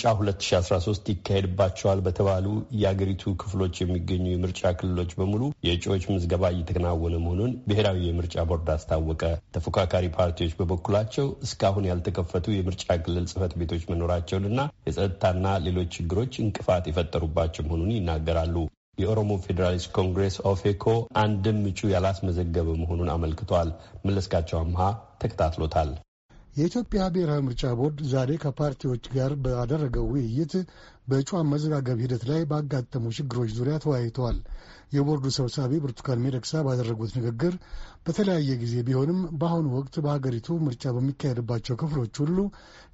ምርጫ 2013 ይካሄድባቸዋል በተባሉ የአገሪቱ ክፍሎች የሚገኙ የምርጫ ክልሎች በሙሉ የእጩዎች ምዝገባ እየተከናወነ መሆኑን ብሔራዊ የምርጫ ቦርድ አስታወቀ። ተፎካካሪ ፓርቲዎች በበኩላቸው እስካሁን ያልተከፈቱ የምርጫ ክልል ጽህፈት ቤቶች መኖራቸውንና የጸጥታና ሌሎች ችግሮች እንቅፋት የፈጠሩባቸው መሆኑን ይናገራሉ። የኦሮሞ ፌዴራሊስት ኮንግሬስ ኦፌኮ አንድም እጩ ያላስመዘገበ መሆኑን አመልክቷል። መለስካቸው አምሃ ተከታትሎታል። የኢትዮጵያ ብሔራዊ ምርጫ ቦርድ ዛሬ ከፓርቲዎች ጋር ባደረገው ውይይት በእጩ አመዘጋገብ ሂደት ላይ ባጋጠሙ ችግሮች ዙሪያ ተወያይተዋል። የቦርዱ ሰብሳቢ ብርቱካን ሚደቅሳ ባደረጉት ንግግር በተለያየ ጊዜ ቢሆንም በአሁኑ ወቅት በሀገሪቱ ምርጫ በሚካሄድባቸው ክፍሎች ሁሉ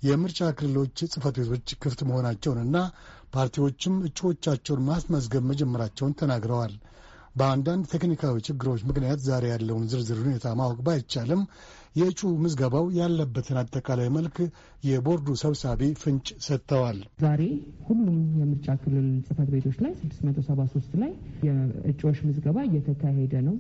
የምርጫ ክልሎች ጽህፈት ቤቶች ክፍት መሆናቸውንና ፓርቲዎችም እጩዎቻቸውን ማስመዝገብ መጀመራቸውን ተናግረዋል። በአንዳንድ ቴክኒካዊ ችግሮች ምክንያት ዛሬ ያለውን ዝርዝር ሁኔታ ማወቅ ባይቻልም የእጩ ምዝገባው ያለበትን አጠቃላይ መልክ የቦርዱ ሰብሳቢ ፍንጭ ሰጥተዋል። ዛሬ ሁሉም የምርጫ ክልል ጽህፈት ቤቶች ላይ 673 ላይ የእጩዎች ምዝገባ እየተካሄደ ነው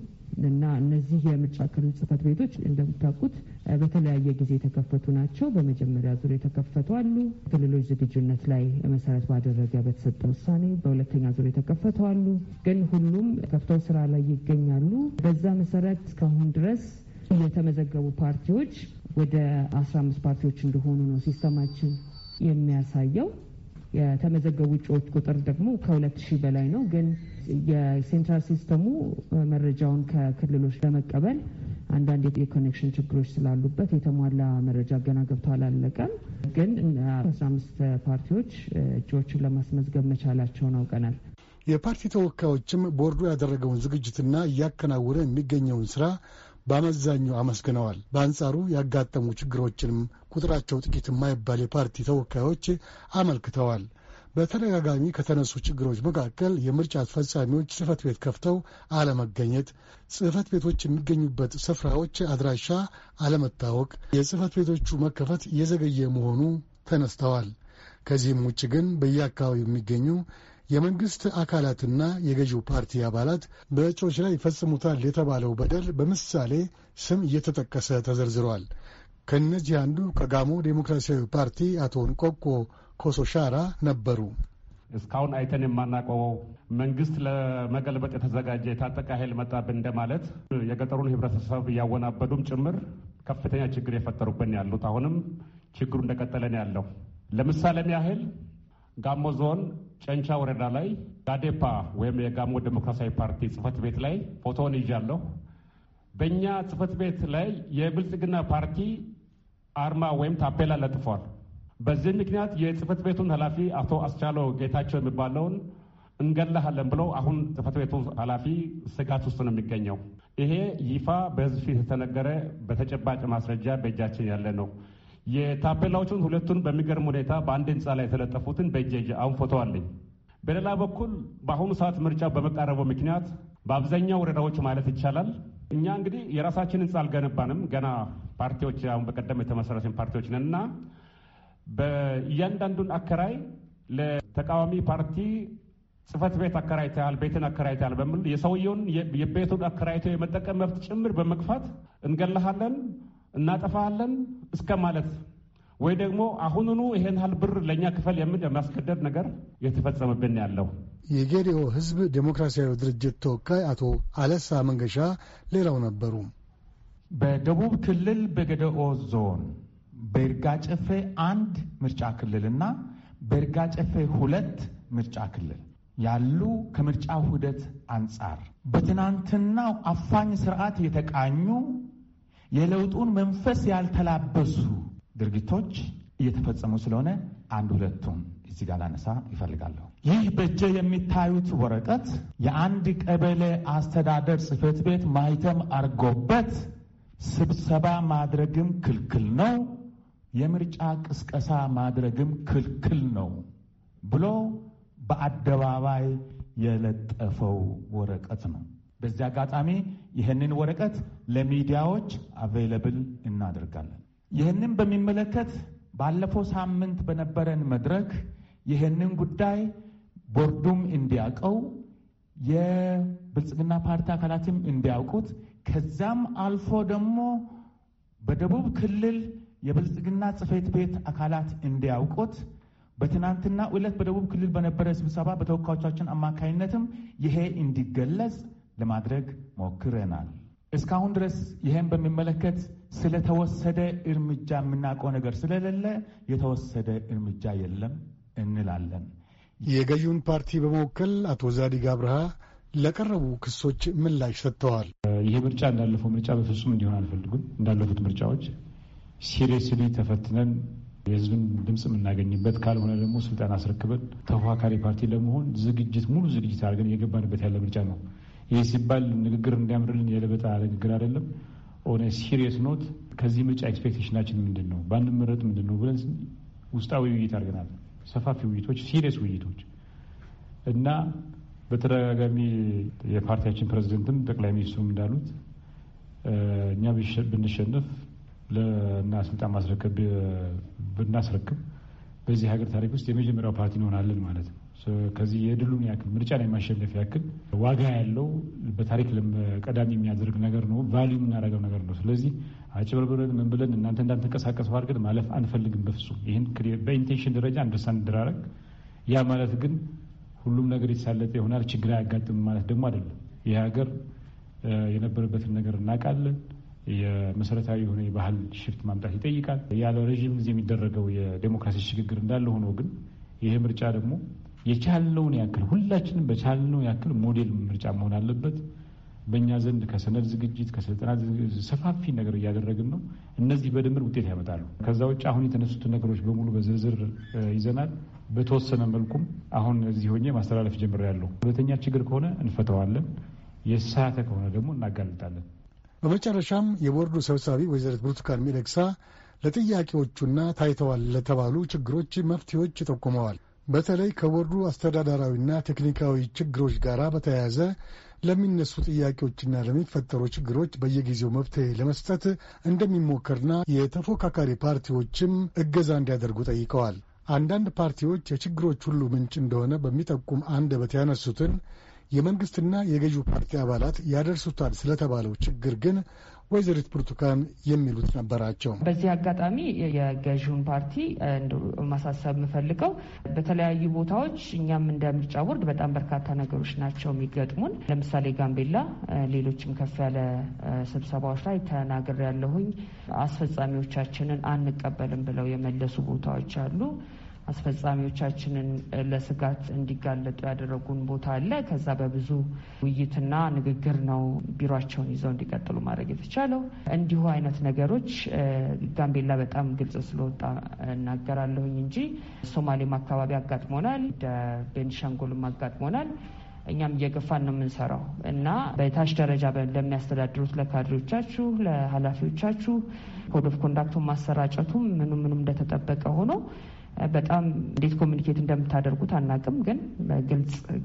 እና እነዚህ የምርጫ ክልል ጽህፈት ቤቶች እንደምታውቁት በተለያየ ጊዜ የተከፈቱ ናቸው። በመጀመሪያ ዙር የተከፈቱ አሉ። ክልሎች ዝግጁነት ላይ መሰረት ባደረገ በተሰጠ ውሳኔ በሁለተኛ ዙር የተከፈቱ አሉ። ግን ሁሉም ከፍተው ስራ ላይ ይገኛሉ። በዛ መሰረት እስካሁን ድረስ የተመዘገቡ ፓርቲዎች ወደ 15 ፓርቲዎች እንደሆኑ ነው ሲስተማችን የሚያሳየው። የተመዘገቡ እጩዎች ቁጥር ደግሞ ከሁለት ሺህ በላይ ነው። ግን የሴንትራል ሲስተሙ መረጃውን ከክልሎች ለመቀበል አንዳንድ የኮኔክሽን ችግሮች ስላሉበት የተሟላ መረጃ ገና ገብቶ አላለቀም። ግን አስራ አምስት ፓርቲዎች እጩዎችን ለማስመዝገብ መቻላቸውን አውቀናል። የፓርቲ ተወካዮችም ቦርዱ ያደረገውን ዝግጅትና እያከናወነ የሚገኘውን ስራ በአመዛኙ አመስግነዋል። በአንጻሩ ያጋጠሙ ችግሮችንም ቁጥራቸው ጥቂት የማይባል የፓርቲ ተወካዮች አመልክተዋል። በተደጋጋሚ ከተነሱ ችግሮች መካከል የምርጫ አስፈጻሚዎች ጽህፈት ቤት ከፍተው አለመገኘት፣ ጽህፈት ቤቶች የሚገኙበት ስፍራዎች አድራሻ አለመታወቅ፣ የጽህፈት ቤቶቹ መከፈት እየዘገየ መሆኑ ተነስተዋል። ከዚህም ውጭ ግን በየአካባቢው የሚገኙ የመንግስት አካላትና የገዢው ፓርቲ አባላት በእጩዎች ላይ ይፈጽሙታል የተባለው በደል በምሳሌ ስም እየተጠቀሰ ተዘርዝረዋል። ከእነዚህ አንዱ ከጋሞ ዴሞክራሲያዊ ፓርቲ አቶ እንቆቆ ኮሶሻራ ነበሩ። እስካሁን አይተን የማናውቀው መንግስት ለመገልበጥ የተዘጋጀ የታጠቀ ኃይል መጣብን እንደማለት የገጠሩን ህብረተሰብ እያወናበዱም ጭምር ከፍተኛ ችግር የፈጠሩብን ያሉት አሁንም ችግሩ እንደቀጠለን ያለው ለምሳሌም ያህል ጋሞ ዞን ጨንቻ ወረዳ ላይ ጋዴፓ ወይም የጋሞ ዴሞክራሲያዊ ፓርቲ ጽህፈት ቤት ላይ ፎቶን ይዣለሁ። በእኛ ጽህፈት ቤት ላይ የብልጽግና ፓርቲ አርማ ወይም ታፔላ ለጥፏል። በዚህ ምክንያት የጽህፈት ቤቱን ኃላፊ አቶ አስቻሎ ጌታቸው የሚባለውን እንገላሃለን ብለው አሁን ጽህፈት ቤቱ ኃላፊ ስጋት ውስጥ ነው የሚገኘው። ይሄ ይፋ በህዝብ ፊት የተነገረ በተጨባጭ ማስረጃ በእጃችን ያለ ነው። የታፔላዎቹን ሁለቱን በሚገርም ሁኔታ በአንድ ህንፃ ላይ የተለጠፉትን በእጄ አሁን ፎቶ አለኝ። በሌላ በኩል በአሁኑ ሰዓት ምርጫ በመቃረቡ ምክንያት በአብዛኛው ወረዳዎች ማለት ይቻላል እኛ እንግዲህ የራሳችን ህንፃ አልገነባንም። ገና ፓርቲዎች አሁን በቀደም የተመሰረትን ፓርቲዎች ነን እና በእያንዳንዱን አከራይ ለተቃዋሚ ፓርቲ ጽህፈት ቤት አከራይተሃል፣ ቤትን አከራይተሃል በሚል የሰውየውን የቤቱን አከራይቶ የመጠቀም መብት ጭምር በመግፋት እንገላሃለን እናጠፋለን እስከ ማለት ወይ ደግሞ አሁኑኑ ይሄን ያህል ብር ለእኛ ክፈል የሚል የማስገደድ ነገር የተፈጸመብን ያለው። የጌዲኦ ህዝብ ዴሞክራሲያዊ ድርጅት ተወካይ አቶ አለሳ መንገሻ ሌላው ነበሩ። በደቡብ ክልል በገደኦ ዞን በይርጋ ጨፌ አንድ ምርጫ ክልልና በይርጋ ጨፌ ሁለት ምርጫ ክልል ያሉ ከምርጫ ውህደት አንጻር በትናንትናው አፋኝ ስርዓት የተቃኙ የለውጡን መንፈስ ያልተላበሱ ድርጊቶች እየተፈጸሙ ስለሆነ አንድ ሁለቱን እዚህ ጋር ላነሳ ይፈልጋለሁ። ይህ በእጄ የሚታዩት ወረቀት የአንድ ቀበሌ አስተዳደር ጽፈት ቤት ማህተም አድርጎበት ስብሰባ ማድረግም ክልክል ነው፣ የምርጫ ቅስቀሳ ማድረግም ክልክል ነው ብሎ በአደባባይ የለጠፈው ወረቀት ነው። በዚህ አጋጣሚ ይህንን ወረቀት ለሚዲያዎች አቬይለብል እናደርጋለን። ይህንን በሚመለከት ባለፈው ሳምንት በነበረን መድረክ ይህንን ጉዳይ ቦርዱም እንዲያውቀው የብልጽግና ፓርቲ አካላትም እንዲያውቁት ከዛም አልፎ ደግሞ በደቡብ ክልል የብልጽግና ጽሕፈት ቤት አካላት እንዲያውቁት በትናንትና ዕለት በደቡብ ክልል በነበረ ስብሰባ በተወካዮቻችን አማካኝነትም ይሄ እንዲገለጽ ለማድረግ ሞክረናል። እስካሁን ድረስ ይህን በሚመለከት ስለተወሰደ እርምጃ የምናውቀው ነገር ስለሌለ የተወሰደ እርምጃ የለም እንላለን። የገዢውን ፓርቲ በመወከል አቶ ዛዲግ አብርሃ ለቀረቡ ክሶች ምላሽ ሰጥተዋል። ይህ ምርጫ እንዳለፈው ምርጫ በፍጹም እንዲሆን አልፈልጉም። እንዳለፉት ምርጫዎች ሲሪየስሊ ተፈትነን የህዝብን ድምፅ የምናገኝበት ካልሆነ ደግሞ ስልጣን አስረክበን ተፎካካሪ ፓርቲ ለመሆን ዝግጅት ሙሉ ዝግጅት አድርገን እየገባንበት ያለ ምርጫ ነው። ይህ ሲባል ንግግር እንዲያምርልን የለበጣ ንግግር አይደለም። ሆነ ሲሪየስ ኖት። ከዚህ ምርጫ ኤክስፔክቴሽናችን ምንድን ነው? ባንመረጥ ምንድን ነው ብለን ውስጣዊ ውይይት አድርገናል። ሰፋፊ ውይይቶች፣ ሲሪየስ ውይይቶች እና በተደጋጋሚ የፓርቲያችን ፕሬዚደንትም ጠቅላይ ሚኒስትሩም እንዳሉት እኛ ብንሸነፍ ለና ስልጣን ማስረከብ ብናስረክብ በዚህ ሀገር ታሪክ ውስጥ የመጀመሪያው ፓርቲ እንሆናለን ማለት ነው። ከዚህ የድሉን ያክል ምርጫ ላይ ማሸነፍ ያክል ዋጋ ያለው በታሪክ ቀዳሚ የሚያደርግ ነገር ነው። ቫሊዩ የምናደርገው ነገር ነው። ስለዚህ አጭበርብረን ምን ብለን እናንተ እንዳንተንቀሳቀሰው አድርገን ማለፍ አንፈልግም በፍጹም። ይህን በኢንቴንሽን ደረጃ አንደርስታንድ እንድራረግ። ያ ማለት ግን ሁሉም ነገር የተሳለጠ ይሆናል ችግር አያጋጥም ማለት ደግሞ አይደለም። ይህ ሀገር የነበረበትን ነገር እናውቃለን። የመሰረታዊ የሆነ የባህል ሽፍት ማምጣት ይጠይቃል። ያለ ረዥም ጊዜ የሚደረገው የዴሞክራሲ ሽግግር እንዳለ ሆኖ ግን ይሄ ምርጫ ደግሞ የቻልነውን ያክል ሁላችንም በቻልነው ያክል ሞዴል ምርጫ መሆን አለበት። በእኛ ዘንድ ከሰነድ ዝግጅት ከስልጠና ሰፋፊ ነገር እያደረግን ነው። እነዚህ በድምር ውጤት ያመጣሉ። ከዛ ውጭ አሁን የተነሱትን ነገሮች በሙሉ በዝርዝር ይዘናል። በተወሰነ መልኩም አሁን እዚህ ሆኜ ማስተላለፍ ጀምሬያለሁ። ሁለተኛ ችግር ከሆነ እንፈተዋለን፣ የሳተ ከሆነ ደግሞ እናጋልጣለን። በመጨረሻም የቦርዱ ሰብሳቢ ወይዘሪት ብርቱካን ሚደቅሳ ለጥያቄዎቹና ታይተዋል ለተባሉ ችግሮች መፍትሄዎች ጠቁመዋል። በተለይ ከቦርዱ አስተዳደራዊና ቴክኒካዊ ችግሮች ጋር በተያያዘ ለሚነሱ ጥያቄዎችና ለሚፈጠሩ ችግሮች በየጊዜው መፍትሄ ለመስጠት እንደሚሞከርና የተፎካካሪ ፓርቲዎችም እገዛ እንዲያደርጉ ጠይቀዋል። አንዳንድ ፓርቲዎች የችግሮች ሁሉ ምንጭ እንደሆነ በሚጠቁም አንደበት ያነሱትን የመንግሥትና የገዢው ፓርቲ አባላት ያደርሱታል ስለተባለው ችግር ግን ወይዘሪት ብርቱካን የሚሉት ነበራቸው። በዚህ አጋጣሚ የገዢውን ፓርቲ ማሳሰብ የምፈልገው በተለያዩ ቦታዎች እኛም እንደ ምርጫ ቦርድ በጣም በርካታ ነገሮች ናቸው የሚገጥሙን። ለምሳሌ ጋምቤላ፣ ሌሎችም ከፍ ያለ ስብሰባዎች ላይ ያለሁኝ አስፈጻሚዎቻችንን አንቀበልም ብለው የመለሱ ቦታዎች አሉ። አስፈጻሚዎቻችንን ለስጋት እንዲጋለጡ ያደረጉን ቦታ አለ። ከዛ በብዙ ውይይትና ንግግር ነው ቢሮቸውን ይዘው እንዲቀጥሉ ማድረግ የተቻለው። እንዲሁ አይነት ነገሮች ጋምቤላ በጣም ግልጽ ስለወጣ እናገራለሁኝ እንጂ ሶማሌም አካባቢ አጋጥሞናል፣ ቤንሻንጉልም አጋጥሞናል። እኛም እየገፋን ነው የምንሰራው እና በታች ደረጃ ለሚያስተዳድሩት ለካድሬዎቻችሁ፣ ለኃላፊዎቻችሁ ኮድ ኦፍ ኮንዳክቱን ማሰራጨቱም ምኑ ምኑም እንደተጠበቀ ሆኖ በጣም እንዴት ኮሚኒኬት እንደምታደርጉት አናቅም፣ ግን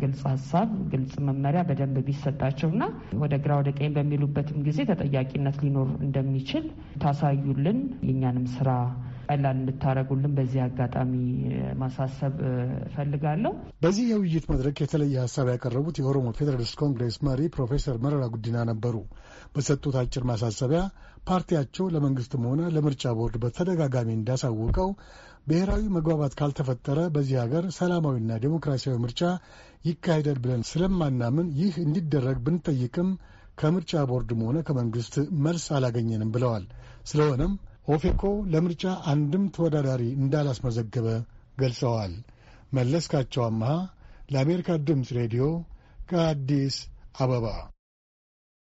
ግልጽ ሀሳብ፣ ግልጽ መመሪያ በደንብ ቢሰጣቸው እና ወደ ግራ ወደ ቀኝ በሚሉበትም ጊዜ ተጠያቂነት ሊኖር እንደሚችል ታሳዩልን የእኛንም ስራ ቀላል እንድታደረጉልን በዚህ አጋጣሚ ማሳሰብ እፈልጋለሁ። በዚህ የውይይት መድረክ የተለየ ሀሳብ ያቀረቡት የኦሮሞ ፌዴራሊስት ኮንግሬስ መሪ ፕሮፌሰር መረራ ጉዲና ነበሩ። በሰጡት አጭር ማሳሰቢያ ፓርቲያቸው ለመንግስትም ሆነ ለምርጫ ቦርድ በተደጋጋሚ እንዳሳወቀው ብሔራዊ መግባባት ካልተፈጠረ በዚህ ሀገር ሰላማዊና ዴሞክራሲያዊ ምርጫ ይካሄዳል ብለን ስለማናምን ይህ እንዲደረግ ብንጠይቅም ከምርጫ ቦርድም ሆነ ከመንግስት መልስ አላገኘንም ብለዋል። ስለሆነም ኦፌኮ ለምርጫ አንድም ተወዳዳሪ እንዳላስመዘገበ ገልጸዋል። መለስካቸው አመሃ ለአሜሪካ ድምፅ ሬዲዮ ከአዲስ አበባ